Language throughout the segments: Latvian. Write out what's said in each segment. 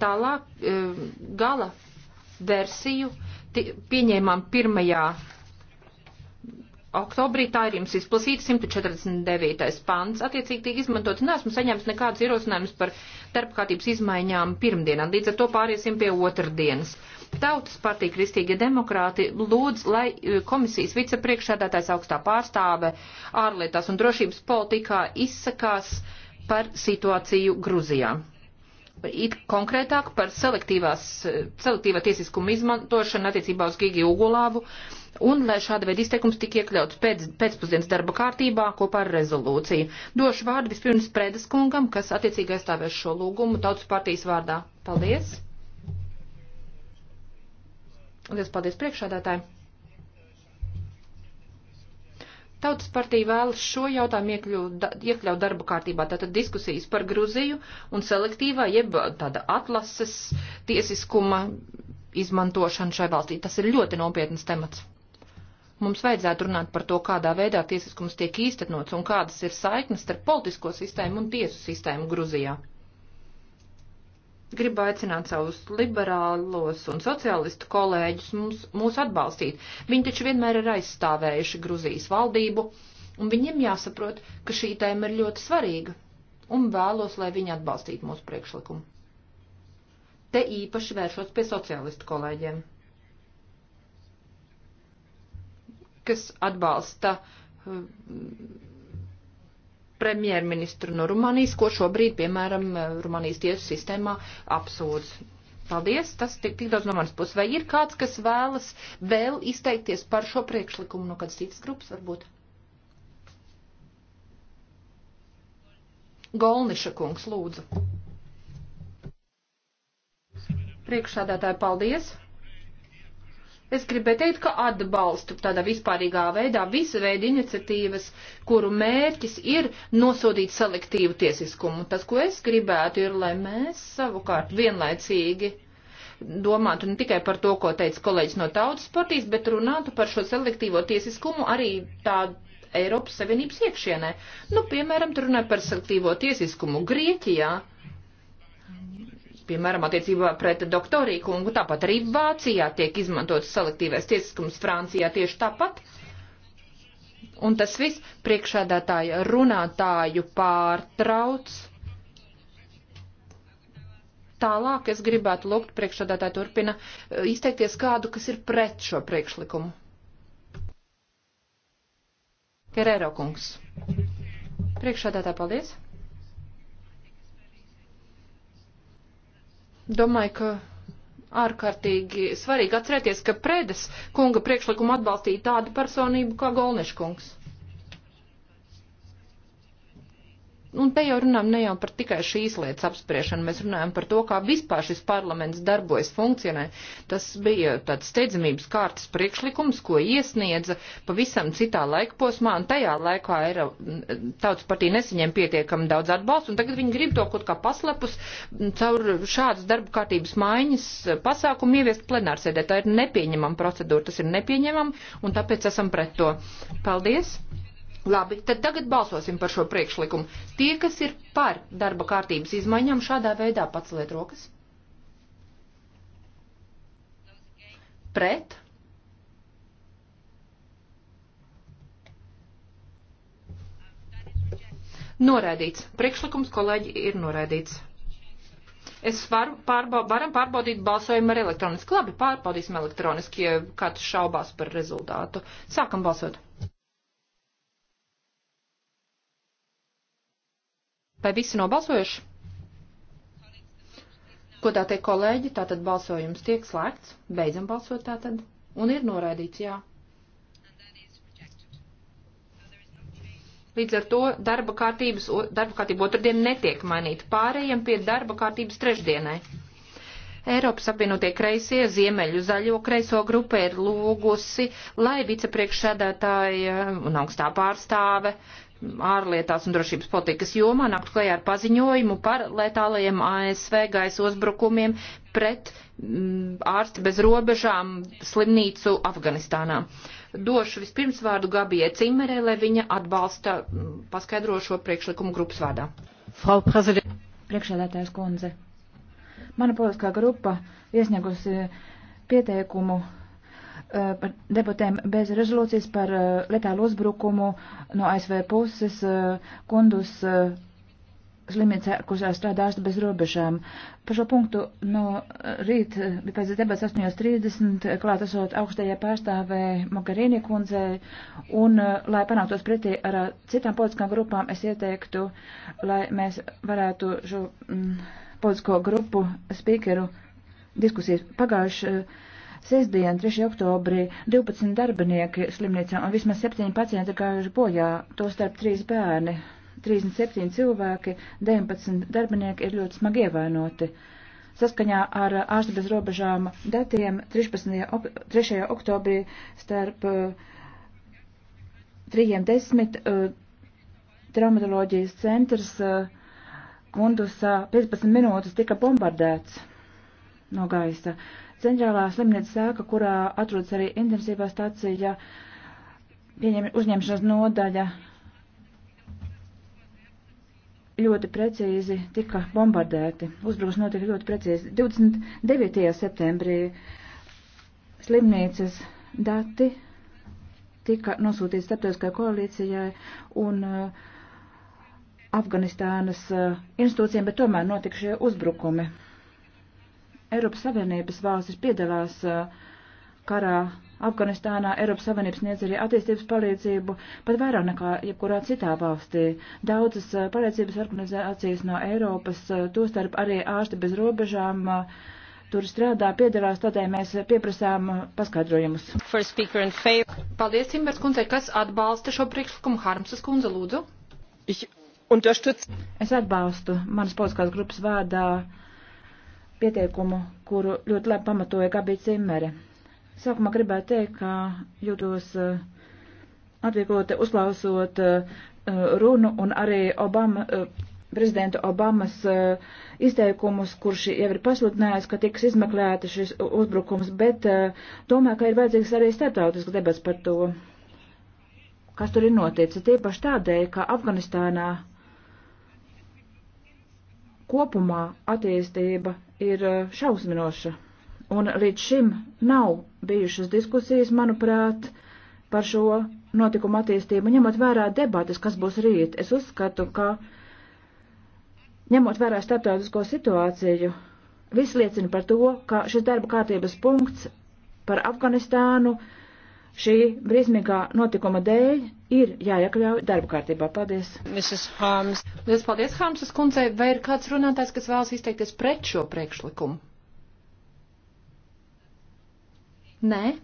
tālāk e, gala versiju pieņēmām 1 oktobrī tā ir jums izplasīta 149. pants. Attiecīgi tiek izmantots, neesmu saņēmis nekādus ierosinājumus par darbkārtības izmaiņām pirmdienā. Līdz ar to pāriesim pie otrdienas. Tautas partija Kristīgie demokrāti lūdz, lai e, komisijas vicepriekšādātājs augstā pārstāve ārlietās un drošības politikā izsakās par situāciju Gruzijā it konkrētāk par eh, selektīvā tiesiskuma izmantošanu attiecībā uz Gigi Ugulāvu un lai šāda veida izteikums tik iekļauts pēc, pēcpusdienas darba kārtībā kopā ar rezolūciju. Došu vārdu vispirms Prēdas kungam, kas attiecīgi aizstāvēs šo lūgumu tautas partijas vārdā. Paldies! Liels paldies priekšādātāji! Tautas partija vēlas šo jautājumu iekļūt, iekļaut darba kārtībā, tātad diskusijas par Gruziju un selektīvā, jeb tāda atlases tiesiskuma izmantošana šai valstī. Tas ir ļoti nopietnas temats. Mums vajadzētu runāt par to, kādā veidā tiesiskums tiek īstenots un kādas ir saiknes starp politisko sistēmu un tiesu sistēmu Gruzijā gribu aicināt savus liberālos un sociālistu kolēģus mums, mūs atbalstīt. Viņi taču vienmēr ir aizstāvējuši Gruzijas valdību, un viņiem jāsaprot, ka šī tēma ir ļoti svarīga, un vēlos, lai viņi atbalstītu mūsu priekšlikumu. Te īpaši vēršos pie sociālistu kolēģiem, kas atbalsta uh, premjerministru no Rumānijas, ko šobrīd, piemēram, Rumānijas tiesu sistēmā apsūdz. Paldies, tas tik, tik daudz no manas puses. Vai ir kāds, kas vēlas vēl izteikties par šo priekšlikumu no kādas citas grupas, varbūt? Golniša kungs, lūdzu. Priekšsādātāji, paldies! Es gribēju teikt, ka atbalstu tādā vispārīgā veidā visu veidu iniciatīvas, kuru mērķis ir nosodīt selektīvu tiesiskumu. Tas, ko es gribētu, ir, lai mēs savukārt vienlaicīgi domātu ne tikai par to, ko teica kolēģis no tautas partijas, bet runātu par šo selektīvo tiesiskumu arī tādu Eiropas Savienības iekšienē. Nu, piemēram, tur runāja par selektīvo tiesiskumu Grieķijā. Ja? piemēram, attiecībā pret doktoriju kungu, tāpat arī Vācijā tiek izmantots selektīvais tiesiskums, Francijā tieši tāpat. Un tas viss priekšādātāja runātāju pārtrauc. Tālāk es gribētu lūgt priekšādātāju turpina eh, izteikties kādu, kas ir pret šo priekšlikumu. Kerēro kungs. Priekšādātāja, paldies. Domāju, ka ārkārtīgi svarīgi atcerēties, ka Prēdes kunga priekšlikumu atbalstīja tāda personība kā Golniškungs. Un te jau runājam ne jau par tikai šīs lietas apspriešanu, mēs runājam par to, kā vispār šis parlaments darbojas, funkcionē. Tas bija tāds steidzamības kārtas priekšlikums, ko iesniedza pavisam citā laika posmā, un tajā laikā ir tautas partija nesaņem pietiekami daudz atbalstu, un tagad viņi grib to kaut kā paslepus caur šādas darba kārtības maiņas pasākumu ieviest plenārsēdē. Tā ir nepieņemama procedūra, tas ir nepieņemama, un tāpēc esam pret to. Paldies! Labi, tad tagad balsosim par šo priekšlikumu. Tie, kas ir par darba kārtības izmaiņām, šādā veidā pats liet rokas. Pret. Noraidīts. Priekšlikums, kolēģi, ir noraidīts. Es varu pārba varam pārbaudīt balsojumu ar elektroniski. Labi, pārbaudīsim elektroniski, ja kāds šaubās par rezultātu. Sākam balsot. Vai visi nobalsojuši? Ko tā teikt kolēģi, tātad balsojums tiek slēgts, beidzam balsot tātad, un ir noraidīts, jā. Līdz ar to darba kārtības, darba kārtība otrdien netiek mainīta. Pārējiem pie darba kārtības trešdienai. Eiropas apvienotie kreisie Ziemeļu zaļo kreiso grupa ir lūgusi, lai vicepriekšsēdētāja un augstā pārstāve uh, ārlietās un drošības politikas jomā nākt klajā ar paziņojumu par letālajiem ASV gaisa uzbrukumiem pret mm, ārsti bez robežām slimnīcu Afganistānā. Došu vispirms vārdu Gabijai Cimerē, lai viņa atbalsta mm, paskaidrošo priekšlikumu grupas vārdā. Frau Prezident. Priekšsēdētājs kundze. Mana politiskā grupa iesniegusi pieteikumu Eh, par debatēm bez rezolūcijas par eh, letālu uzbrukumu no ASV puses eh, kundus slimnīcā, kurš strādā ārsti bez robežām. Par šo punktu no rīta bija pēc debats 8.30, klāt esot augstajai pārstāvē Mogarīni kundzei, un lai panāktos pretī ar citām politiskām grupām, es ieteiktu, lai mēs varētu šo mm, politisko grupu spīkeru diskusijas pagājuši. Uh, Sestdien, 3. oktobrī, 12 darbinieki slimnīcā un vismaz 7 pacienti gājuši bojā, to starp 3 bērni. 37 cilvēki, 19 darbinieki ir ļoti smagi ievainoti. Saskaņā ar ārsta bez robežām datiem 13. 3. oktobrī starp 3.10. Eh, eh, traumatoloģijas centrs eh, Kundusā 15 minūtes tika bombardēts no gaisa. Centrālā slimnīca sēka, kurā atrodas arī intensīvā stācija, pieņem, uzņemšanas nodaļa, ļoti precīzi tika bombardēti. Uzbrukums notika ļoti precīzi. 29. septembrī slimnīcas dati tika nosūtīti starptautiskajai koalīcijai un uh, Afganistānas uh, institūcijiem, bet tomēr notika šie uzbrukumi. Eiropas Savienības valstis piedalās uh, karā Afganistānā Eiropas Savienības sniedz arī attīstības palīdzību, pat vairāk nekā jebkurā citā valstī. Daudzas uh, palīdzības organizācijas no Eiropas, uh, tostarp arī ārsti bez robežām, tur strādā, piedalās, tādēļ mēs pieprasām paskaidrojumus. Paldies, Cimbers kundze, kas atbalsta šo priekšlikumu Harmsas kundze, lūdzu. Ich unterstütz... Es atbalstu manas politiskās grupas vārdā. Uh, pieteikumu, kuru ļoti labi pamatoja Gabi Cimere. Sākumā gribētu teikt, ka jūtos eh, atviegloti uzklausot eh, runu un arī Obama, eh, prezidenta Obamas izteikumus, kurš jau ir pasludinājis, ka tiks izmeklēta šis uzbrukums, bet domāju, ka ir vajadzīgs arī starptautisks debats par to, kas tur ir noticis. Tīpaši tādēļ, ka Afganistānā kopumā attīstība ir eh, šausminoša. Un līdz šim nav bijušas diskusijas, manuprāt, par šo notikumu attīstību. Ņemot vērā debatas, kas būs rīt, es uzskatu, ka ņemot vērā starptautisko situāciju, viss liecina par to, ka šis darba kārtības punkts par Afganistānu uh, šī briesmīgā notikuma dēļ ir jāiekļauj darba kārtībā. Paldies! Mrs. Hārms. Lielas paldies, Hārmsas kundzei. Vai ir kāds runātājs, kas vēlas izteikties pret šo priekšlikumu? Nē?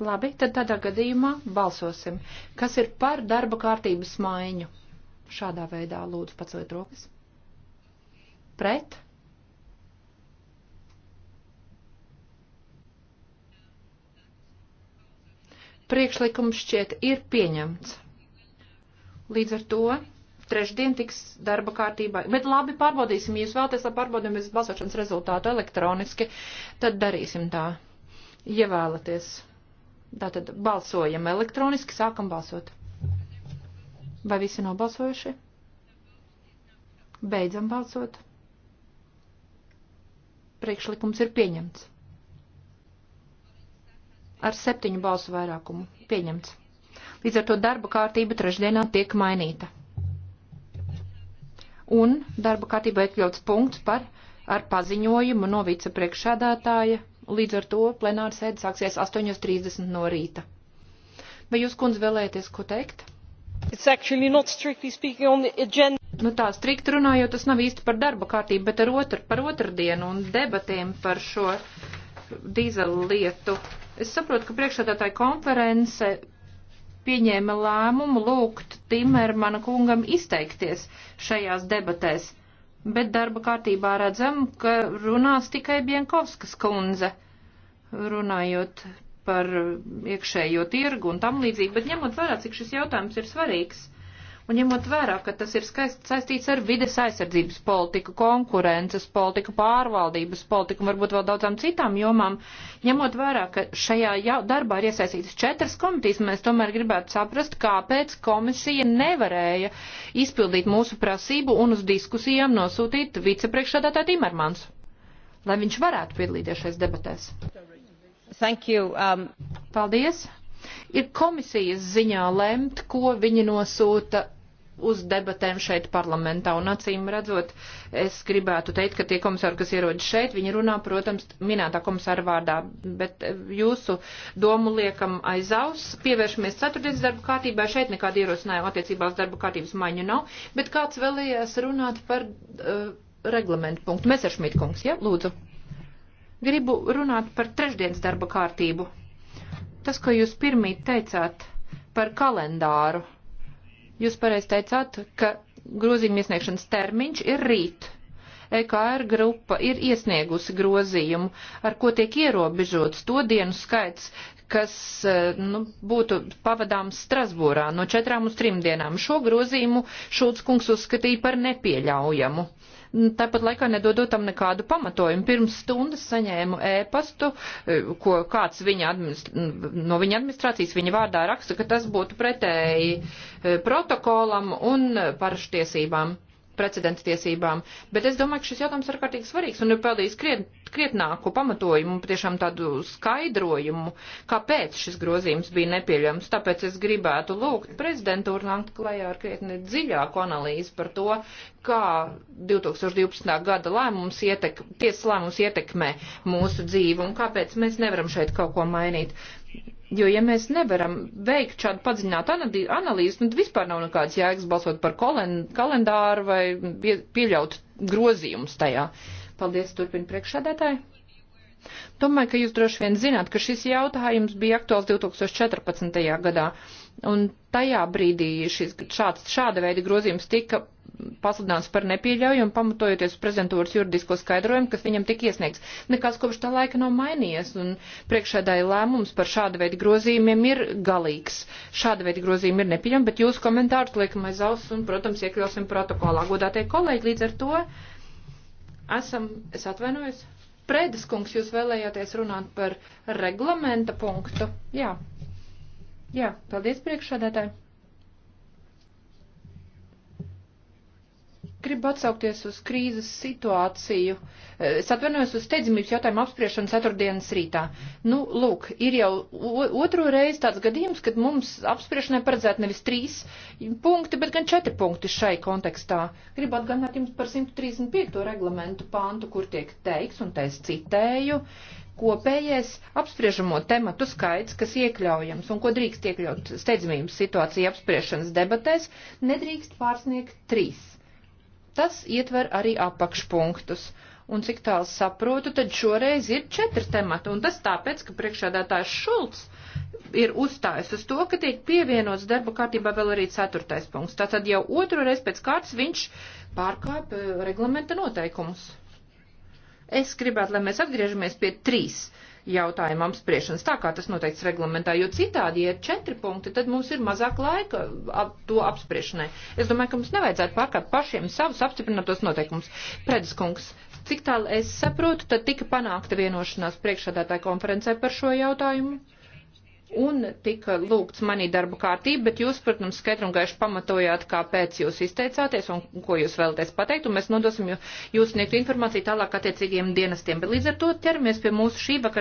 Labi, tad tādā gadījumā balsosim. Kas ir par darba kārtības maiņu? Šādā veidā lūdzu paceliet rokas. Pret? Priekšlikums šķiet ir pieņemts. Līdz ar to trešdien tiks darba kārtībā. Bet labi, pārbaudīsim, ja jūs vēlaties, lai pārbaudīsim visu balsošanas rezultātu elektroniski, tad darīsim tā, ja vēlaties. Tātad balsojam elektroniski, sākam balsot. Vai visi nav balsojuši? Beidzam balsot. Priekšlikums ir pieņemts ar septiņu balsu vairākumu pieņemts. Līdz ar to darba kārtība trešdienā tiek mainīta. Un darba kārtībā iekļauts punkts par ar paziņojumu no vicepriekšādātāja. Līdz ar to plenāra sēde sāksies 8.30 no rīta. Vai jūs, kundze, vēlēties ko teikt? Nu tā strikt runājot, tas nav īsti par darba kārtību, bet ar otru, par otrdienu un debatēm par šo dīzeļu lietu. Es saprotu, ka priekšsēdētāja konference pieņēma lēmumu lūgt Timermana kungam izteikties šajās debatēs, bet darba kārtībā redzam, ka runās tikai Bienkovskas kundze, runājot par iekšējo tirgu un tam līdzīgi, bet ņemot vērā, cik šis jautājums ir svarīgs Un ņemot vērā, ka tas ir saistīts ar vides aizsardzības politiku, konkurences politiku, pārvaldības politiku un varbūt vēl daudzām citām jomām, ņemot vērā, ka šajā darbā ir iesaistītas četras komitīs, mēs tomēr gribētu saprast, kāpēc komisija nevarēja izpildīt mūsu prasību un uz diskusijām nosūtīt vicepriekšādātāju Timermans, lai viņš varētu piedalīties šais debatēs. Thank you. Um... Paldies. Ir komisijas ziņā lemt, ko viņi nosūta uz debatēm šeit parlamentā. Un acīm redzot, es gribētu teikt, ka tie komisāri, kas ierodas šeit, viņi runā, protams, minētā komisāra vārdā, bet eh, jūsu domu liekam aiz auss. Pievēršamies ceturtdienas darba kārtībai. Šeit nekāda ierosinājuma attiecībā uz darba kārtības maiņu nav. Bet kāds vēlējās runāt par uh, reglamentu punktu? Messeršmitkungs, ja? Lūdzu. Gribu runāt par trešdienas darba kārtību. Tas, ko jūs pirmīt teicāt par kalendāru, jūs pareiz teicāt, ka grozījuma iesniegšanas termiņš ir rīt. EKR grupa ir iesniegusi grozījumu, ar ko tiek ierobežots to dienu skaits, kas e, nu, būtu pavadāms Strasbūrā no četrām uz trim dienām. Šo grozījumu Šulc kungs uzskatīja par nepieļaujamu. Uh, tāpat laikā nedodot tam nekādu pamatojumu. Pirms stundas saņēmu ēpastu, e, ko kāds viņa no viņa administrācijas viņa vārdā raksta, ka tas būtu pretēji e, protokolam un e, parašu tiesībām precedenta tiesībām. Bet es domāju, ka šis jautājums ir ārkārtīgi svarīgs un ir peldījis kriet, krietnāku pamatojumu, patiešām tādu skaidrojumu, kāpēc šis grozījums bija nepieļams. Tāpēc es gribētu lūgt prezidentūru nākt klajā ar krietni dziļāku analīzi par to, kā 2012. gada lēmums ietek, tiesas lēmums ietekmē mūsu dzīvi un kāpēc mēs nevaram šeit kaut ko mainīt. Jo, ja mēs nevaram veikt šādu padziļinātu analīzi, tad vispār nav nekādas jēgas balsot par kalendāru vai pieļaut grozījumus tajā. Paldies, turpina priekšsādētāji. Domāju, ka jūs droši vien zināt, ka šis jautājums bija aktuāls 2014. gadā, un tajā brīdī šis, šāds, šāda veida grozījums tika pasludināts par nepieļaujumu, pamatojoties prezidentūras juridisko skaidrojumu, kas viņam tika iesniegts. Nekas kopš tā laika nav mainījies, un priekšēdāja lēmums par šāda veida grozījumiem ir galīgs. Šāda veida grozījumi ir nepieļaujami, bet jūsu komentārus liekam aiz auss un, protams, iekļausim protokolā. Godātie kolēģi, līdz ar to esam, es atvainojos, Prēdas kungs, jūs vēlējāties runāt par reglamenta punktu. Jā. Jā, paldies priekšādētāji. Gribu atsaukties uz krīzes situāciju. Eh, es atvainojos uz steidzamības jautājumu apspriešanu ceturtdienas rītā. Nu, lūk, ir jau otro reizi tāds gadījums, kad mums apspriešanai paredzēt nevis trīs punkti, bet gan četri punkti šai kontekstā. Gribu atgādināt jums par 135. reglamentu pāntu, kur tiek teiks, un te es citēju, kopējais apspriežamo tematu skaits, kas iekļaujams un ko drīkst iekļaut steidzamības situācija apspriešanas debatēs, nedrīkst pārsniegt trīs Tas ietver arī apakšpunktus. Un cik tālu saprotu, tad šoreiz ir četri temati, un tas tāpēc, ka priekšādātājs Šulcs ir uzstājis uz to, ka tiek pievienots darba kārtībā vēl arī ceturtais punkts. Tātad jau otru reizi pēc kārtas viņš pārkāpa eh, reglamenta noteikumus. Es gribētu, lai mēs atgriežamies pie trīs jautājumu apspriešanas, tā kā tas noteikts reglamentā, jo citādi, ja ir četri punkti, tad mums ir mazāk laika ap to apspriešanai. Es domāju, ka mums nevajadzētu pārkāpt pašiem savus apstiprinātos noteikumus. Prediskungs, cik tālu es saprotu, tad tika panākta vienošanās priekšādātāja konferencē par šo jautājumu. Un tika lūgts manī darba kārtība, bet jūs, protams, skaidri un gaiši pamatojāt, kāpēc jūs izteicāties un ko jūs vēlaties pateikt, un mēs nodosim jūs sniegtu informāciju tālāk attiecīgiem dienestiem. Bet līdz ar to ķeramies pie mūsu šī vakara.